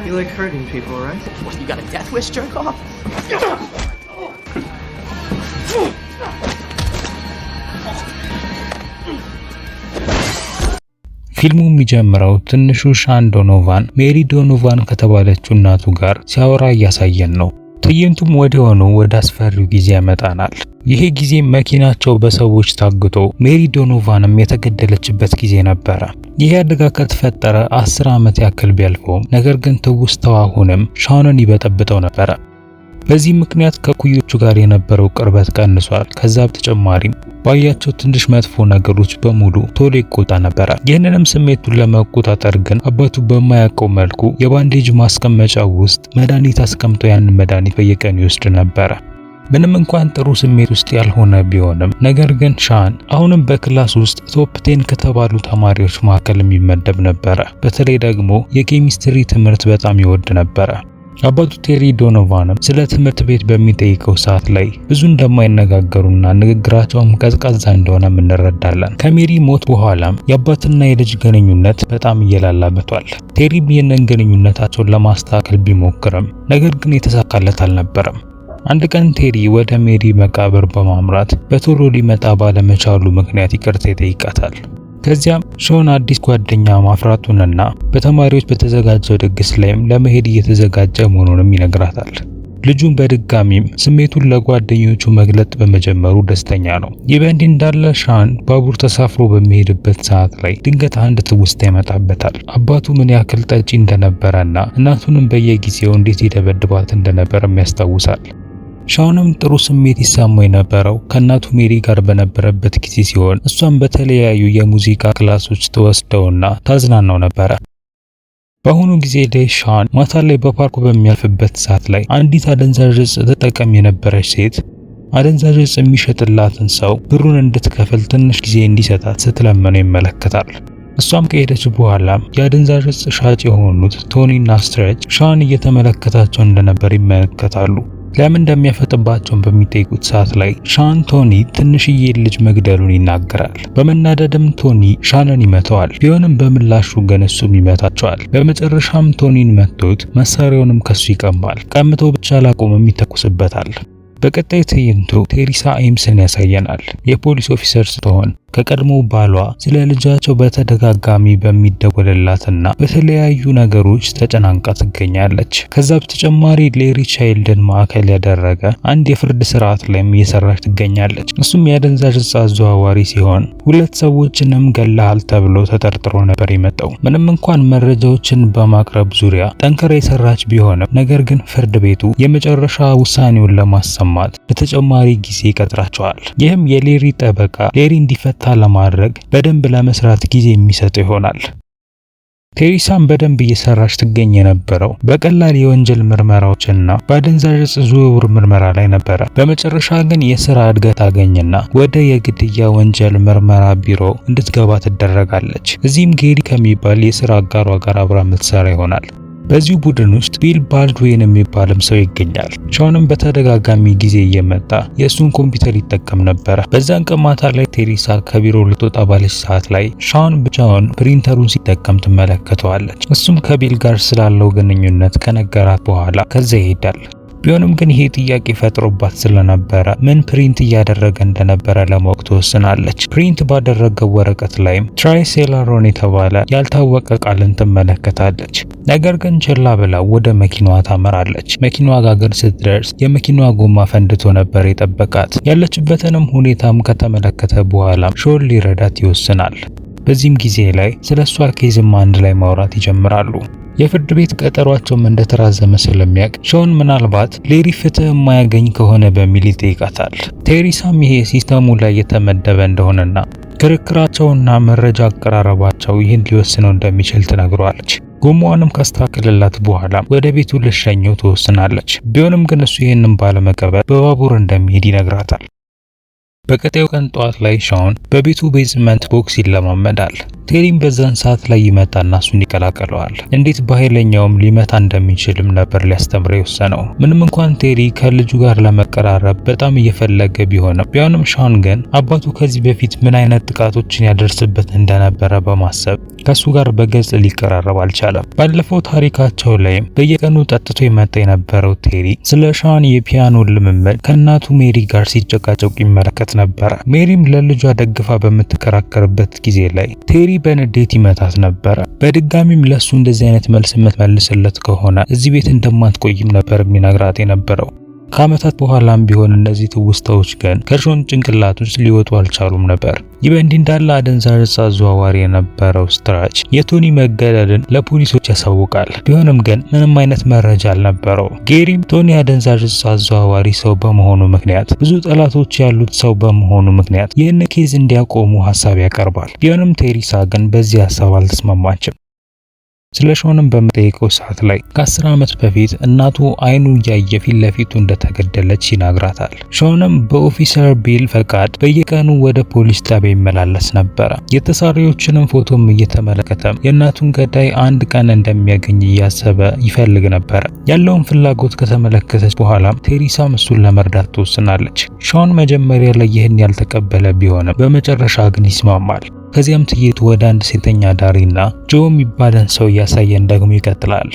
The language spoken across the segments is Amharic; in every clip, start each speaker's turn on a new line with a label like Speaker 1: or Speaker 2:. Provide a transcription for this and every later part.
Speaker 1: You like hurting people, right?
Speaker 2: What, you got a death wish, jerk off?
Speaker 3: ፊልሙ የሚጀምረው ትንሹ ሻን ዶኖቫን ሜሪ ዶኖቫን ከተባለችው እናቱ ጋር ሲያወራ እያሳየን ነው። ትዕይንቱም ወዲያውኑ ወደ አስፈሪው ጊዜ ያመጣናል። ይሄ ጊዜ መኪናቸው በሰዎች ታግቶ ሜሪ ዶኖቫንም የተገደለችበት ጊዜ ነበረ። ይህ አደጋ ከተፈጠረ አስር ዓመት ያክል ቢያልፈውም ነገር ግን ትውስታው አሁንም ሻውንን ይበጠብጠው ነበረ። በዚህ ምክንያት ከኩዮቹ ጋር የነበረው ቅርበት ቀንሷል። ከዛ በተጨማሪም ባያቸው ትንሽ መጥፎ ነገሮች በሙሉ ቶሎ ይቆጣ ነበረ። ይህንንም ስሜቱን ለመቆጣጠር ግን አባቱ በማያውቀው መልኩ የባንዴጅ ማስቀመጫ ውስጥ መድኃኒት አስቀምጦ ያንን መድኃኒት በየቀኑ ይወስድ ነበረ። ምንም እንኳን ጥሩ ስሜት ውስጥ ያልሆነ ቢሆንም ነገር ግን ሻን አሁንም በክላስ ውስጥ ቶፕ ቴን ከተባሉ ተማሪዎች መካከል የሚመደብ ነበረ። በተለይ ደግሞ የኬሚስትሪ ትምህርት በጣም ይወድ ነበረ። አባቱ ቴሪ ዶኖቫንም ስለ ትምህርት ቤት በሚጠይቀው ሰዓት ላይ ብዙ እንደማይነጋገሩና ንግግራቸውም ቀዝቃዛ እንደሆነም እንረዳለን። ከሜሪ ሞት በኋላም የአባትና የልጅ ግንኙነት በጣም መጥቷል። ቴሪም ይህንን ግንኙነታቸውን ለማስተካከል ቢሞክርም ነገር ግን የተሳካለት አልነበረም። አንድ ቀን ቴሪ ወደ ሜሪ መቃብር በማምራት በቶሎ ሊመጣ ባለመቻሉ ምክንያት ይቅርታ ይጠይቃታል። ከዚያም ሾን አዲስ ጓደኛ ማፍራቱንና በተማሪዎች በተዘጋጀው ድግስ ላይም ለመሄድ እየተዘጋጀ መሆኑንም ይነግራታል። ልጁም በድጋሚም ስሜቱን ለጓደኞቹ መግለጥ በመጀመሩ ደስተኛ ነው። ይህ በእንዲህ እንዳለ ሻን ባቡር ተሳፍሮ በሚሄድበት ሰዓት ላይ ድንገት አንድ ትውስታ ይመጣበታል። አባቱ ምን ያክል ጠጪ እንደነበረና እናቱንም በየጊዜው እንዴት ይደበድባት እንደነበረም ያስታውሳል። ሻውንም ጥሩ ስሜት ይሰማው የነበረው ከእናቱ ሜሪ ጋር በነበረበት ጊዜ ሲሆን እሷም በተለያዩ የሙዚቃ ክላሶች ትወስደውና ታዝናናው ነበረ። በአሁኑ ጊዜ ላይ ሻን ማታ ላይ በፓርኩ በሚያልፍበት ሰዓት ላይ አንዲት አደንዛዥ ዕፅ ተጠቀም የነበረች ሴት አደንዛዥ ዕፅ የሚሸጥላትን ሰው ብሩን እንድትከፍል ትንሽ ጊዜ እንዲሰጣት ስትለምነው ይመለከታል። እሷም ከሄደች በኋላ የአደንዛዥ ዕፅ ሻጭ የሆኑት ቶኒና ስትሬች ሻን እየተመለከታቸው እንደነበር ይመለከታሉ። ለምን እንደሚያፈጥባቸውን በሚጠይቁት ሰዓት ላይ ሻን ቶኒ ትንሽዬ ልጅ መግደሉን ይናገራል። በመናደድም ቶኒ ሻንን ይመተዋል። ቢሆንም በምላሹ ግን እሱም ይመታቸዋል። በመጨረሻም ቶኒን መቶት መሳሪያውንም ከሱ ይቀማል። ቀምቶ ብቻ ላቆምም ይተኩስበታል። በቀጣይ ትዕይንቱ ቴሪሳ ኤምስን ያሳየናል። የፖሊስ ኦፊሰር ስትሆን ከቀድሞ ባሏ ስለ ልጃቸው በተደጋጋሚ በሚደወልላትና በተለያዩ ነገሮች ተጨናንቃ ትገኛለች። ከዛ በተጨማሪ ሌሪ ቻይልድን ማዕከል ያደረገ አንድ የፍርድ ስርዓት ላይም እየሰራች ትገኛለች። እሱም የአደንዛዥ ዕፅ አዘዋዋሪ ሲሆን ሁለት ሰዎችንም ገላሃል ተብሎ ተጠርጥሮ ነበር የመጣው። ምንም እንኳን መረጃዎችን በማቅረብ ዙሪያ ጠንክራ የሰራች ቢሆንም ነገር ግን ፍርድ ቤቱ የመጨረሻ ውሳኔውን ለማሰማት በተጨማሪ ጊዜ ይቀጥራቸዋል። ይህም የሌሪ ጠበቃ ሌሪ እንዲፈ ለማድረግ በደንብ ለመስራት ጊዜ የሚሰጥ ይሆናል። ቴሪሳን በደንብ እየሰራች ትገኝ የነበረው በቀላል የወንጀል ምርመራዎችና በአደንዛዥ እጽ ዝውውር ምርመራ ላይ ነበረ። በመጨረሻ ግን የስራ እድገት አገኝና ወደ የግድያ ወንጀል ምርመራ ቢሮ እንድትገባ ትደረጋለች። እዚህም ጌሪ ከሚባል የስራ አጋሯ ጋር አብራ የምትሰራ ይሆናል። በዚሁ ቡድን ውስጥ ቢል ባልድዌን የሚባልም ሰው ይገኛል። ሾንም በተደጋጋሚ ጊዜ እየመጣ የእሱን ኮምፒውተር ይጠቀም ነበረ። በዛን ቀን ማታ ላይ ቴሬሳ ከቢሮ ልትወጣ ባለች ሰዓት ላይ ሻን ብቻውን ፕሪንተሩን ሲጠቀም ትመለከተዋለች። እሱም ከቢል ጋር ስላለው ግንኙነት ከነገራት በኋላ ከዚያ ይሄዳል። ቢሆንም ግን ይሄ ጥያቄ ፈጥሮባት ስለነበረ ምን ፕሪንት እያደረገ እንደነበረ ለማወቅ ትወስናለች። ፕሪንት ባደረገው ወረቀት ላይም ትራይሴላሮን የተባለ ያልታወቀ ቃልን ትመለከታለች። ነገር ግን ችላ ብላ ወደ መኪናዋ ታመራለች። መኪናዋ ጋገር ስትደርስ የመኪናዋ ጎማ ፈንድቶ ነበር የጠበቃት። ያለችበትንም ሁኔታም ከተመለከተ በኋላም ሾል ሊረዳት ይወስናል። በዚህም ጊዜ ላይ ስለ እሷ ኬዝም አንድ ላይ ማውራት ይጀምራሉ። የፍርድ ቤት ቀጠሯቸውም እንደተራዘመ ስለሚያውቅ ሾን ምናልባት ሌሪ ፍትህ የማያገኝ ከሆነ በሚል ይጠይቃታል። ቴሪሳም ይሄ ሲስተሙ ላይ የተመደበ እንደሆነና ክርክራቸውና መረጃ አቀራረባቸው ይህን ሊወስነው እንደሚችል ትነግሯለች። ጎማዋንም ካስተካከለላት በኋላ ወደ ቤቱ ልሸኘው ትወስናለች። ቢሆንም ግን እሱ ይህንን ባለመቀበል በባቡር እንደሚሄድ ይነግራታል። በቀጣዩ ቀን ጠዋት ላይ ሻውን በቤቱ ቤዝመንት ቦክስ ይለማመዳል። ቴሪም በዛን ሰዓት ላይ ይመጣና እሱን ይቀላቀለዋል። እንዴት በኃይለኛውም ሊመታ እንደሚችልም ነበር ሊያስተምረው የወሰነው። ምንም እንኳን ቴሪ ከልጁ ጋር ለመቀራረብ በጣም እየፈለገ ቢሆንም ቢሆንም ሻን ግን አባቱ ከዚህ በፊት ምን አይነት ጥቃቶችን ያደርስበት እንደነበረ በማሰብ ከሱ ጋር በግልጽ ሊቀራረብ አልቻለም። ባለፈው ታሪካቸው ላይም በየቀኑ ጠጥቶ ይመጣ የነበረው ቴሪ ስለ ሻን የፒያኖ ልምምድ ከእናቱ ሜሪ ጋር ሲጨቃጨቁ ይመለከት ነበረ። ሜሪም ለልጇ ደግፋ በምትከራከርበት ጊዜ ላይ ቴሪ ሜሪ በንዴት ይመታት ነበረ። በድጋሚም ለሱ እንደዚህ አይነት መልስ የምትመልስለት ከሆነ እዚህ ቤት እንደማትቆይም ነበር የሚነግራት የነበረው። ከዓመታት በኋላም ቢሆን እነዚህ ትውስታዎች ግን ከሾን ጭንቅላት ውስጥ ሊወጡ አልቻሉም ነበር። ይህ በእንዲህ እንዳለ አደንዛዥ እጽ አዘዋዋሪ የነበረው ስትራች የቶኒ መገደልን ለፖሊሶች ያሳውቃል። ቢሆንም ግን ምንም አይነት መረጃ አልነበረው። ጌሪም ቶኒ አደንዛዥ እጽ አዘዋዋሪ ሰው በመሆኑ ምክንያት፣ ብዙ ጠላቶች ያሉት ሰው በመሆኑ ምክንያት ይህን ኬዝ እንዲያቆሙ ሀሳብ ያቀርባል። ቢሆንም ቴሪሳ ግን በዚህ ሀሳብ አልተስማማችም። ስለ ሾንም በምጠይቀው ሰዓት ላይ ከአስር ዓመት በፊት እናቱ አይኑ እያየ ፊት ለፊቱ እንደተገደለች ይናግራታል። ሾንም በኦፊሰር ቢል ፈቃድ በየቀኑ ወደ ፖሊስ ጣቢያ ይመላለስ ነበረ። የተሳሪዎችንም ፎቶም እየተመለከተ የእናቱን ገዳይ አንድ ቀን እንደሚያገኝ እያሰበ ይፈልግ ነበረ። ያለውን ፍላጎት ከተመለከተች በኋላ ቴሪሳም እሱን ለመርዳት ትወስናለች። ሾን መጀመሪያ ላይ ይህን ያልተቀበለ ቢሆንም በመጨረሻ ግን ይስማማል። ከዚያም ትይት ወደ አንድ ሴተኛ ዳሪና ጆ የሚባለን ሰው እያሳየን ደግሞ ይቀጥላል።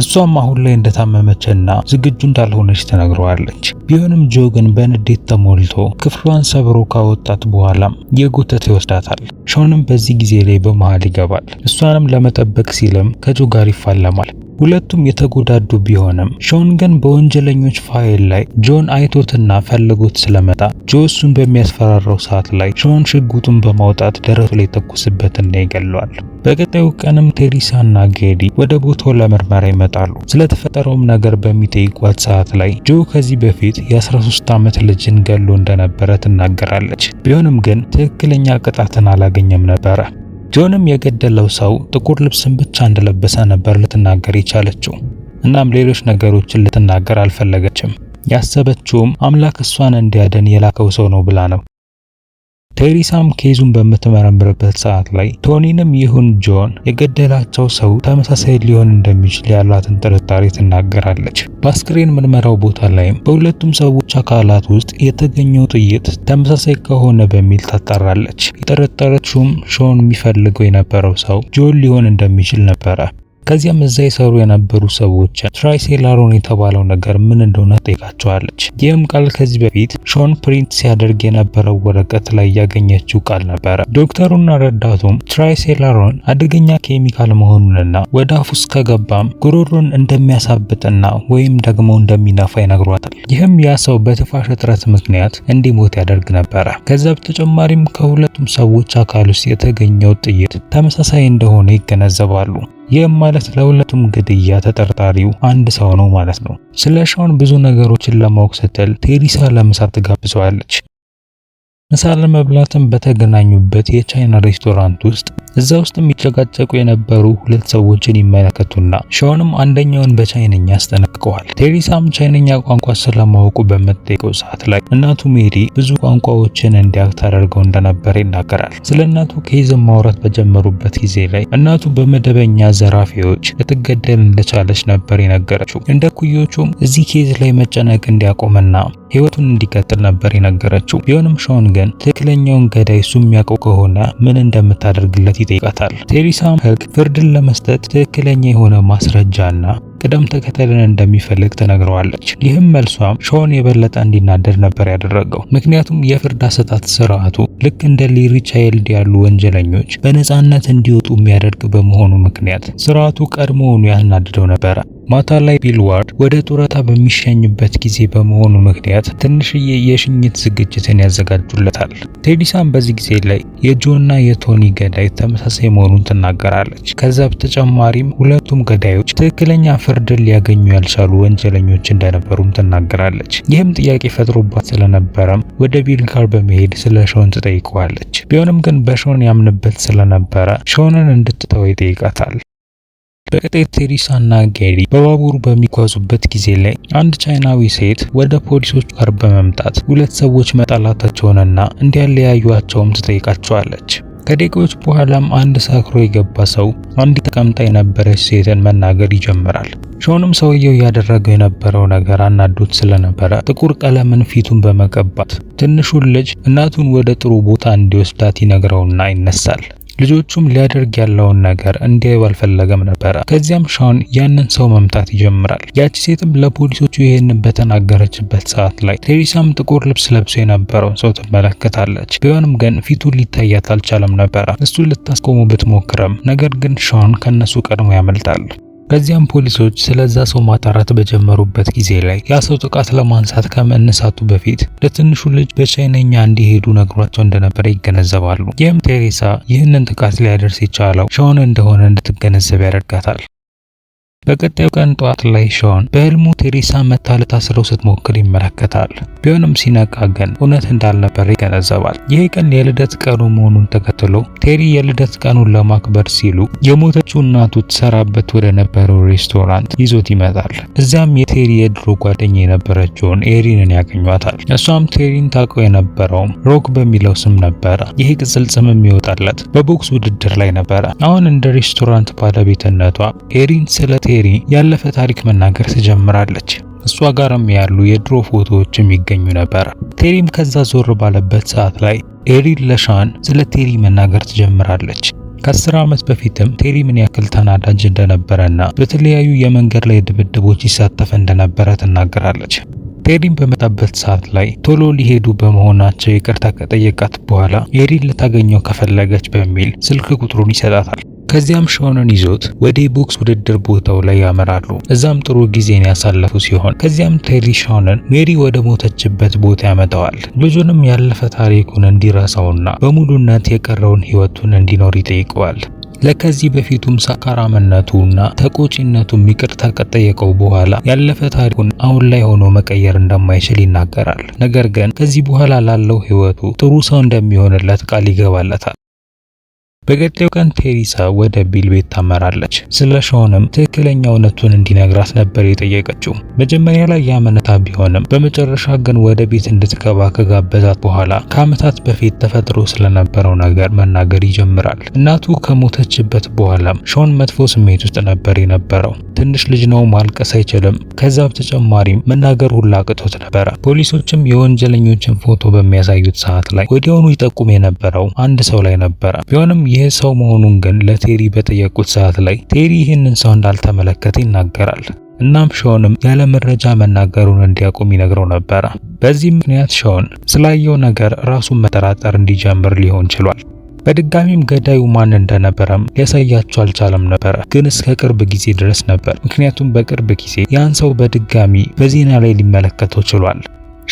Speaker 3: እሷም አሁን ላይ እንደታመመችና ዝግጁ እንዳልሆነች ትነግረዋለች። ቢሆንም ጆ ግን በንዴት ተሞልቶ ክፍሏን ሰብሮ ካወጣት በኋላም የጎተት ይወስዳታል። ሾንም በዚህ ጊዜ ላይ በመሃል ይገባል። እሷንም ለመጠበቅ ሲልም ከጆ ጋር ይፋለማል። ሁለቱም የተጎዳዱ ቢሆንም ሾን ግን በወንጀለኞች ፋይል ላይ ጆን አይቶትና ፈልጎት ስለመጣ ጆ እሱን በሚያስፈራራው ሰዓት ላይ ሾን ሽጉጡን በማውጣት ደረቱ ላይ ተኩስበትና ይገለዋል። በቀጣዩ ቀንም ቴሪሳና ጌዲ ወደ ቦታው ለምርመራ ይመጣሉ። ስለተፈጠረውም ነገር በሚጠይቋት ሰዓት ላይ ጆ ከዚህ በፊት የ13 ዓመት ልጅን ገሎ እንደነበረ ትናገራለች። ቢሆንም ግን ትክክለኛ ቅጣትን አላገኘም ነበረ። ጆንም የገደለው ሰው ጥቁር ልብስን ብቻ እንደለበሰ ነበር ልትናገር የቻለችው። እናም ሌሎች ነገሮችን ልትናገር አልፈለገችም። ያሰበችውም አምላክ እሷን እንዲያድን የላከው ሰው ነው ብላ ነው። ቴሪሳም ኬዙን በምትመረምርበት ሰዓት ላይ ቶኒንም ይሁን ጆን የገደላቸው ሰው ተመሳሳይ ሊሆን እንደሚችል ያላትን ጥርጣሬ ትናገራለች። በአስክሬን ምርመራው ቦታ ላይም በሁለቱም ሰዎች አካላት ውስጥ የተገኘው ጥይት ተመሳሳይ ከሆነ በሚል ታጣራለች። የጠረጠረችውም ሾን የሚፈልገው የነበረው ሰው ጆን ሊሆን እንደሚችል ነበረ። ከዚያም እዛ የሰሩ የነበሩ ሰዎች ትራይሴላሮን የተባለው ነገር ምን እንደሆነ ጠይቃቸዋለች። ይህም ቃል ከዚህ በፊት ሾን ፕሪንት ሲያደርግ የነበረው ወረቀት ላይ ያገኘችው ቃል ነበረ። ዶክተሩና ረዳቱም ትራይሴላሮን አደገኛ ኬሚካል መሆኑንና ወደ አፍ ውስጥ ከገባም ጉሮሮን እንደሚያሳብጥና ወይም ደግሞ እንደሚነፋ ይነግሯታል። ይህም ያ ሰው በትፋሽ እጥረት ምክንያት እንዲሞት ያደርግ ነበረ። ከዛ በተጨማሪም ከሁለቱም ሰዎች አካል ውስጥ የተገኘው ጥይት ተመሳሳይ እንደሆነ ይገነዘባሉ። ይህም ማለት ለሁለቱም ግድያ ተጠርጣሪው አንድ ሰው ነው ማለት ነው። ስለ ሻውን ብዙ ነገሮችን ለማወቅ ስትል ቴሪሳ ለምሳ ትጋብዘዋለች። ምሳ ለመብላትም በተገናኙበት የቻይና ሬስቶራንት ውስጥ እዛ ውስጥ የሚጨቃጨቁ የነበሩ ሁለት ሰዎችን ይመለከቱና ሾንም አንደኛውን በቻይነኛ ያስጠነቅቀዋል። ቴሪሳም ቻይነኛ ቋንቋ ስለማወቁ በምትጠይቀው ሰዓት ላይ እናቱ ሜሪ ብዙ ቋንቋዎችን እንዲያውቅ ተደርገው እንደነበር ይናገራል። ስለ እናቱ ኬዝ ማውራት በጀመሩበት ጊዜ ላይ እናቱ በመደበኛ ዘራፊዎች ልትገደል እንደቻለች ነበር የነገረችው። እንደ ኩዮቹም እዚህ ኬዝ ላይ መጨነቅ እንዲያቆምና ህይወቱን እንዲቀጥል ነበር የነገረችው። ቢሆንም ሾን ግን ትክክለኛውን ገዳይ እሱ የሚያውቀው ከሆነ ምን እንደምታደርግለት ይጠይቃታል። ቴሪሳም ህግ ፍርድን ለመስጠት ትክክለኛ የሆነ ማስረጃና ቅደም ተከተልን እንደሚፈልግ ተነግረዋለች። ይህም መልሷም ሾን የበለጠ እንዲናደድ ነበር ያደረገው። ምክንያቱም የፍርድ አሰጣት ስርዓቱ ልክ እንደ ሊሪ ቻይልድ ያሉ ወንጀለኞች በነፃነት እንዲወጡ የሚያደርግ በመሆኑ ምክንያት ስርዓቱ ቀድሞውኑ ያናድደው ነበረ። ማታ ላይ ቢልዋርድ ወደ ጡረታ በሚሸኝበት ጊዜ በመሆኑ ምክንያት ትንሽዬ የሽኝት ዝግጅትን ያዘጋጁለታል። ቴዲሳን በዚህ ጊዜ ላይ የጆና የቶኒ ገዳይ ተመሳሳይ መሆኑን ትናገራለች። ከዛ በተጨማሪም ሁለቱም ገዳዮች ትክክለኛ ፍርድን ሊያገኙ ያልቻሉ ወንጀለኞች እንደነበሩም ትናገራለች። ይህም ጥያቄ ፈጥሮባት ስለነበረም ወደ ቢል ጋር በመሄድ ስለ ሾን ትጠይቀዋለች። ቢሆንም ግን በሾን ያምንበት ስለነበረ ሾንን እንድትተው ይጠይቃታል። በቀጣይ ቴሪሳና ጌሪ በባቡር በሚጓዙበት ጊዜ ላይ አንድ ቻይናዊ ሴት ወደ ፖሊሶች ጋር በመምጣት ሁለት ሰዎች መጣላታቸውንና እንዲያለያዩቸውም ትጠይቃቸዋለች። ከደቂቃዎች በኋላም አንድ ሰክሮ የገባ ሰው አንድ ተቀምጣ የነበረች ሴትን መናገር ይጀምራል። ሾንም ሰውየው ያደረገው የነበረው ነገር አናዶት ስለነበረ ጥቁር ቀለምን ፊቱን በመቀባት ትንሹን ልጅ እናቱን ወደ ጥሩ ቦታ እንዲወስዳት ይነግረውና ይነሳል። ልጆቹም ሊያደርግ ያለውን ነገር እንዲያዩ አልፈለገም ነበረ። ከዚያም ሻውን ያንን ሰው መምታት ይጀምራል። ያቺ ሴትም ለፖሊሶቹ ይህንን በተናገረችበት ሰዓት ላይ ቴሪሳም ጥቁር ልብስ ለብሶ የነበረውን ሰው ትመለከታለች። ቢሆንም ግን ፊቱ ሊታያት አልቻለም ነበረ። እሱ ልታስቆሙ ብትሞክረም ነገር ግን ሻውን ከነሱ ቀድሞ ያመልጣል። ከዚያም ፖሊሶች ስለዛ ሰው ማጣራት በጀመሩበት ጊዜ ላይ ያ ሰው ጥቃት ለማንሳት ከመነሳቱ በፊት ለትንሹ ልጅ በቻይነኛ እንዲሄዱ ነግሯቸው እንደነበረ ይገነዘባሉ። ይህም ቴሬሳ ይህንን ጥቃት ሊያደርስ የቻለው ሻውን እንደሆነ እንድትገነዘብ ያደርጋታል። በቀጣዩ ቀን ጠዋት ላይ ሾን በህልሙ ቴሬሳ መታ ልታስረው ስትሞክር ይመለከታል። ቢሆንም ሲነቃ ግን እውነት እንዳልነበር ይገነዘባል። ይህ ቀን የልደት ቀኑ መሆኑን ተከትሎ ቴሪ የልደት ቀኑን ለማክበር ሲሉ የሞተችው እናቱ ትሰራበት ወደ ነበረው ሬስቶራንት ይዞት ይመጣል። እዚያም የቴሪ የድሮ ጓደኛ የነበረችውን ኤሪንን ያገኟታል። እሷም ቴሪን ታውቀው የነበረውም ሮክ በሚለው ስም ነበረ። ይህ ቅጽል ስም የሚወጣለት በቦክስ ውድድር ላይ ነበረ። አሁን እንደ ሬስቶራንት ባለቤትነቷ ኤሪን ስለ ቴሪ ያለፈ ታሪክ መናገር ትጀምራለች። እሷ ጋርም ያሉ የድሮ ፎቶዎችም ይገኙ ነበር። ቴሪም ከዛ ዞር ባለበት ሰዓት ላይ ኤሪን ለሻን ስለ ቴሪ መናገር ትጀምራለች። ከአስር ዓመት በፊትም ቴሪ ምን ያክል ተናዳጅ እንደነበረና በተለያዩ የመንገድ ላይ ድብድቦች ይሳተፍ እንደነበረ ትናገራለች። ቴሪም በመጣበት ሰዓት ላይ ቶሎ ሊሄዱ በመሆናቸው ይቅርታ ከጠየቃት በኋላ ኤሪን ልታገኘው ከፈለገች በሚል ስልክ ቁጥሩን ይሰጣታል። ከዚያም ሾንን ይዞት ወደ ቦክስ ውድድር ቦታው ላይ ያመራሉ። እዛም ጥሩ ጊዜን ያሳለፉ ሲሆን ከዚያም ቴሪ ሾንን ሜሪ ወደ ሞተችበት ቦታ ያመጣዋል። ልጁንም ያለፈ ታሪኩን እንዲረሳውና በሙሉነት የቀረውን ህይወቱን እንዲኖር ይጠይቀዋል። ለከዚህ በፊቱም ሰካራምነቱና ተቆጪነቱ ይቅርታ ከጠየቀው በኋላ ያለፈ ታሪኩን አሁን ላይ ሆኖ መቀየር እንደማይችል ይናገራል። ነገር ግን ከዚህ በኋላ ላለው ህይወቱ ጥሩ ሰው እንደሚሆንለት ቃል ይገባለታል። በቀጣዩ ቀን ቴሪሳ ወደ ቢል ቤት ታመራለች። ስለ ሾንም ትክክለኛ እውነቱን እንዲነግራት ነበር የጠየቀችው። መጀመሪያ ላይ ያመነታ ቢሆንም በመጨረሻ ግን ወደ ቤት እንድትገባ ከጋበዛት በኋላ ከዓመታት በፊት ተፈጥሮ ስለነበረው ነገር መናገር ይጀምራል። እናቱ ከሞተችበት በኋላም ሾን መጥፎ ስሜት ውስጥ ነበር የነበረው። ትንሽ ልጅ ነው፣ ማልቀስ አይችልም። ከዛ በተጨማሪም መናገር ሁላ አቅቶት ነበረ። ፖሊሶችም የወንጀለኞችን ፎቶ በሚያሳዩት ሰዓት ላይ ወዲያውኑ ይጠቁም የነበረው አንድ ሰው ላይ ነበረ ቢሆንም ይህ ሰው መሆኑን ግን ለቴሪ በጠየቁት ሰዓት ላይ ቴሪ ይህንን ሰው እንዳልተመለከተ ይናገራል። እናም ሾንም ያለ መረጃ መናገሩን እንዲያቆም ይነግረው ነበረ። በዚህም ምክንያት ሾን ስላየው ነገር ራሱን መጠራጠር እንዲጀምር ሊሆን ችሏል። በድጋሚም ገዳዩ ማን እንደነበረም ሊያሳያቸው አልቻለም ነበረ፣ ግን እስከ ቅርብ ጊዜ ድረስ ነበር። ምክንያቱም በቅርብ ጊዜ ያን ሰው በድጋሚ በዜና ላይ ሊመለከተው ችሏል።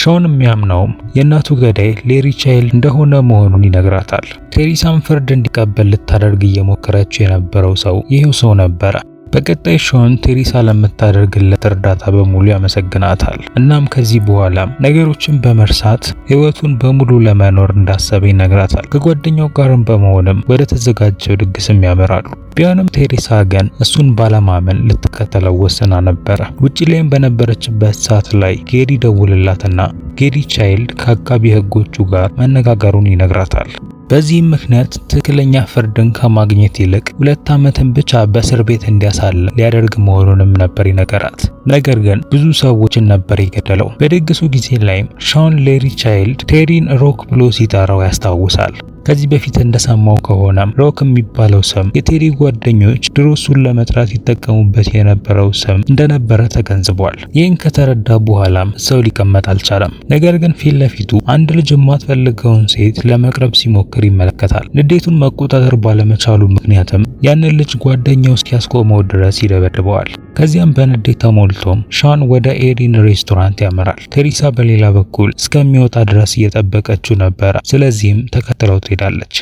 Speaker 3: ሾን የሚያምነውም የእናቱ ገዳይ ሌሪ ቻይልድ እንደሆነ መሆኑን ይነግራታል። ቴሪሳም ፍርድ እንዲቀበል ልታደርግ እየሞከረችው የነበረው ሰው ይህው ሰው ነበረ። በቀጣይ ሻውን ቴሪሳ ለምታደርግለት እርዳታ በሙሉ ያመሰግናታል። እናም ከዚህ በኋላም ነገሮችን በመርሳት ህይወቱን በሙሉ ለመኖር እንዳሰበ ይነግራታል። ከጓደኛው ጋርም በመሆንም ወደ ተዘጋጀው ድግስም ያመራሉ። ቢሆንም ቴሪሳ ግን እሱን ባለማመን ልትከተለው ወስና ነበረ። ውጭ ላይም በነበረችበት ሰዓት ላይ ጌዲ ደውልላትና ጌዲ ቻይልድ ከአቃቢ ህጎቹ ጋር መነጋገሩን ይነግራታል። በዚህም ምክንያት ትክክለኛ ፍርድን ከማግኘት ይልቅ ሁለት ዓመትን ብቻ በእስር ቤት እንዲያሳልፍ ሊያደርግ መሆኑንም ነበር ይነገራት። ነገር ግን ብዙ ሰዎችን ነበር የገደለው። በድግሱ ጊዜ ላይም ሾን ሌሪ ቻይልድ ቴሪን ሮክ ብሎ ሲጠራው ያስታውሳል። ከዚህ በፊት እንደሰማው ከሆነ ሮክ የሚባለው ስም የቴሪ ጓደኞች ድሮ እሱን ለመጥራት ይጠቀሙበት የነበረው ስም እንደነበረ ተገንዝቧል። ይህን ከተረዳ በኋላም ሰው ሊቀመጥ አልቻለም። ነገር ግን ፊት ለፊቱ አንድ ልጅ የማትፈልገውን ሴት ለመቅረብ ሲሞክር ይመለከታል። ንዴቱን መቆጣጠር ባለመቻሉ ምክንያትም ያንን ልጅ ጓደኛው እስኪያስቆመው ድረስ ይደበድበዋል። ከዚያም በንዴት ተሞልቶም ሻን ወደ ኤሪን ሬስቶራንት ያመራል። ቴሪሳ በሌላ በኩል እስከሚወጣ ድረስ እየጠበቀችው ነበረ። ስለዚህም ተከትለው ትሄዳለች።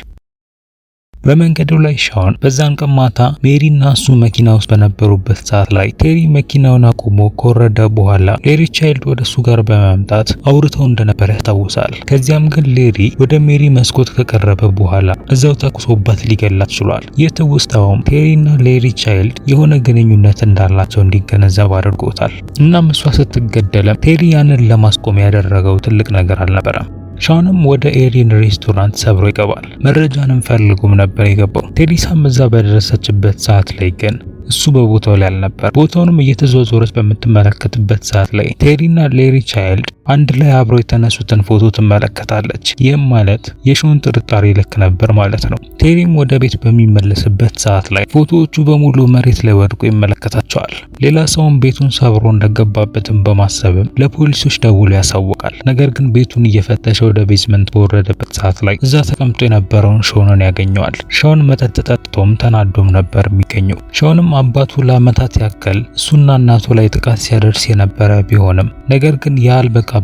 Speaker 3: በመንገዱ ላይ ሻውን በዛን ቀን ማታ ሜሪና እሱ መኪና ውስጥ በነበሩበት ሰዓት ላይ ቴሪ መኪናውን አቁሞ ከወረደ በኋላ ሌሪ ቻይልድ ወደ እሱ ጋር በመምጣት አውርተው እንደነበረ ያስታውሳል። ከዚያም ግን ሌሪ ወደ ሜሪ መስኮት ከቀረበ በኋላ እዛው ተኩሶባት ሊገላት ችሏል። ይህ ትውስታውም ቴሪና ሌሪ ቻይልድ የሆነ ግንኙነት እንዳላቸው እንዲገነዘብ አድርጎታል። እናም እሷ ስትገደለም ቴሪ ያንን ለማስቆም ያደረገው ትልቅ ነገር አልነበረም። ሻውንም ወደ ኤሪን ሬስቶራንት ሰብሮ ይገባል። መረጃንም ፈልጎም ነበር የገባው። ቴሪሳም እዛ በደረሰችበት ሰዓት ላይ ግን እሱ በቦታው ላይ አልነበር። ቦታውንም እየተዘዋወረች በምትመለከትበት ሰዓት ላይ ቴሪና ሌሪ ቻይልድ አንድ ላይ አብረው የተነሱትን ፎቶ ትመለከታለች። ይህም ማለት የሾን ጥርጣሬ ልክ ነበር ማለት ነው። ቴሪም ወደ ቤት በሚመለስበት ሰዓት ላይ ፎቶዎቹ በሙሉ መሬት ላይ ወድቆ ይመለከታቸዋል። ሌላ ሰውም ቤቱን ሰብሮ እንደገባበትም በማሰብም ለፖሊሶች ደውሎ ያሳውቃል። ነገር ግን ቤቱን እየፈተሸ ወደ ቤዝመንት በወረደበት ሰዓት ላይ እዛ ተቀምጦ የነበረውን ሾንን ያገኘዋል። ሾን መጠጥ ጠጥቶም ተናዶም ነበር የሚገኘው። ሾንም አባቱ ለአመታት ያክል እሱና እናቱ ላይ ጥቃት ሲያደርስ የነበረ ቢሆንም ነገር ግን ያ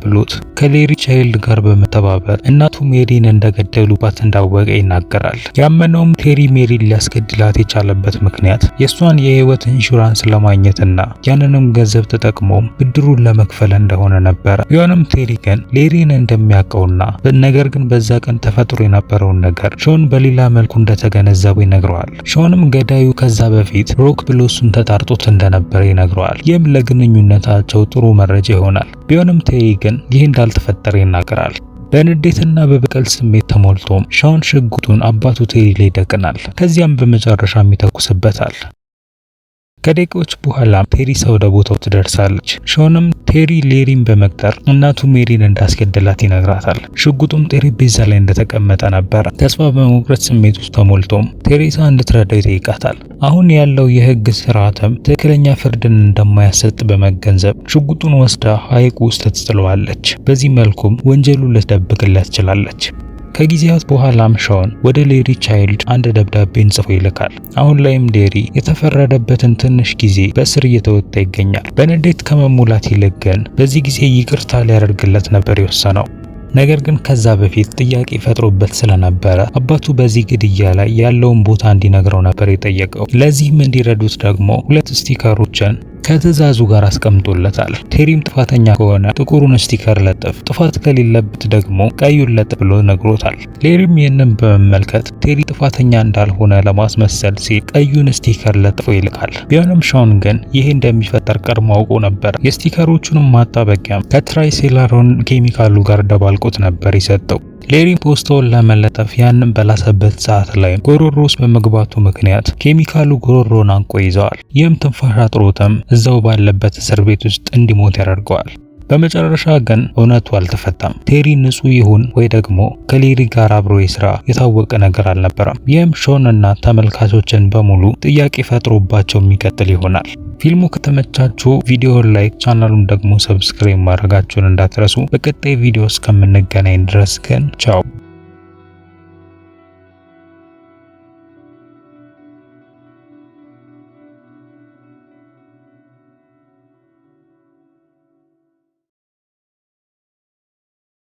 Speaker 3: ብሎት ከሌሪ ቻይልድ ጋር በመተባበር እናቱ ሜሪን እንደገደሉባት እንዳወቀ ይናገራል። ያመነውም ቴሪ ሜሪን ሊያስገድላት የቻለበት ምክንያት የእሷን የህይወት ኢንሹራንስ ለማግኘትና ያንንም ገንዘብ ተጠቅሞ ብድሩን ለመክፈል እንደሆነ ነበረ። ቢሆንም ቴሪ ግን ሌሪን እንደሚያውቀውና ነገር ግን በዛ ቀን ተፈጥሮ የነበረውን ነገር ሾን በሌላ መልኩ እንደተገነዘቡ ይነግረዋል። ሾንም ገዳዩ ከዛ በፊት ሮክ ብሎ እሱን ተጣርጦት እንደነበረ ይነግረዋል። ይህም ለግንኙነታቸው ጥሩ መረጃ ይሆናል። ቢሆንም ቴሪ ግን ይህ እንዳልተፈጠረ ይናገራል። በንዴትና በበቀል ስሜት ተሞልቶም ሻውን ሽጉጡን አባቱ ቴሪ ላይ ይደቅናል። ከዚያም በመጨረሻም ይተኩስበታል። ከደቂቃዎች በኋላ ቴሪ ሰው ወደ ቦታው ትደርሳለች። ሾንም ቴሪ ሌሪን በመቅጠር እናቱ ሜሪን እንዳስገደላት ይነግራታል። ሽጉጡም ጠረጴዛ ላይ እንደተቀመጠ ነበር። ተስፋ በመቁረጥ ስሜት ውስጥ ተሞልቶም ቴሬሳ እንድትረዳው ይጠይቃታል። አሁን ያለው የህግ ስርዓትም ትክክለኛ ፍርድን እንደማያሰጥ በመገንዘብ ሽጉጡን ወስዳ ሐይቁ ውስጥ ትጥለዋለች። በዚህ መልኩም ወንጀሉ ልትደብቅለት ችላለች። ከጊዜያት በኋላም ሾን ወደ ሌሪ ቻይልድ አንድ ደብዳቤን ጽፎ ይልካል። አሁን ላይም ሌሪ የተፈረደበትን ትንሽ ጊዜ በእስር እየተወጣ ይገኛል። በንዴት ከመሙላት ይልቅ ግን በዚህ ጊዜ ይቅርታ ሊያደርግለት ነበር የወሰነው። ነገር ግን ከዛ በፊት ጥያቄ ፈጥሮበት ስለነበረ አባቱ በዚህ ግድያ ላይ ያለውን ቦታ እንዲነግረው ነበር የጠየቀው። ለዚህም እንዲረዱት ደግሞ ሁለት ስቲከሮችን ከትዕዛዙ ጋር አስቀምጦለታል። ቴሪም ጥፋተኛ ከሆነ ጥቁሩን ስቲከር ለጥፍ፣ ጥፋት ከሌለበት ደግሞ ቀዩን ለጥፍ ብሎ ነግሮታል። ሌሪም ይህንን በመመልከት ቴሪ ጥፋተኛ እንዳልሆነ ለማስመሰል ሲል ቀዩን ስቲከር ለጥፎ ይልካል። ቢሆንም ሻውን ግን ይሄ እንደሚፈጠር ቀድሞ አውቆ ነበር። የስቲከሮቹንም ማጣበቂያም ከትራይሴላሮን ኬሚካሉ ጋር ደባልቆት ነበር የሰጠው። ሌሪን ፖስቶን ለመለጠፍ ያንን በላሰበት ሰዓት ላይ ጉሮሮ ውስጥ በመግባቱ ምክንያት ኬሚካሉ ጉሮሮን አንቆ ይዘዋል። ይህም ትንፋሽ አጥሮትም እዛው ባለበት እስር ቤት ውስጥ እንዲሞት ያደርገዋል። በመጨረሻ ግን እውነቱ አልተፈታም። ቴሪ ንጹህ ይሁን ወይ ደግሞ ከሌሪ ጋር አብሮ ይስራ የታወቀ ነገር አልነበረም። ይህም ሾን እና ተመልካቾችን በሙሉ ጥያቄ ፈጥሮባቸው የሚቀጥል ይሆናል። ፊልሙ ከተመቻችሁ ቪዲዮውን ላይክ፣ ቻናሉን ደግሞ ሰብስክራይብ ማድረጋችሁን እንዳትረሱ። በቀጣይ ቪዲዮ እስከምንገናኝ ድረስ ግን ቻው።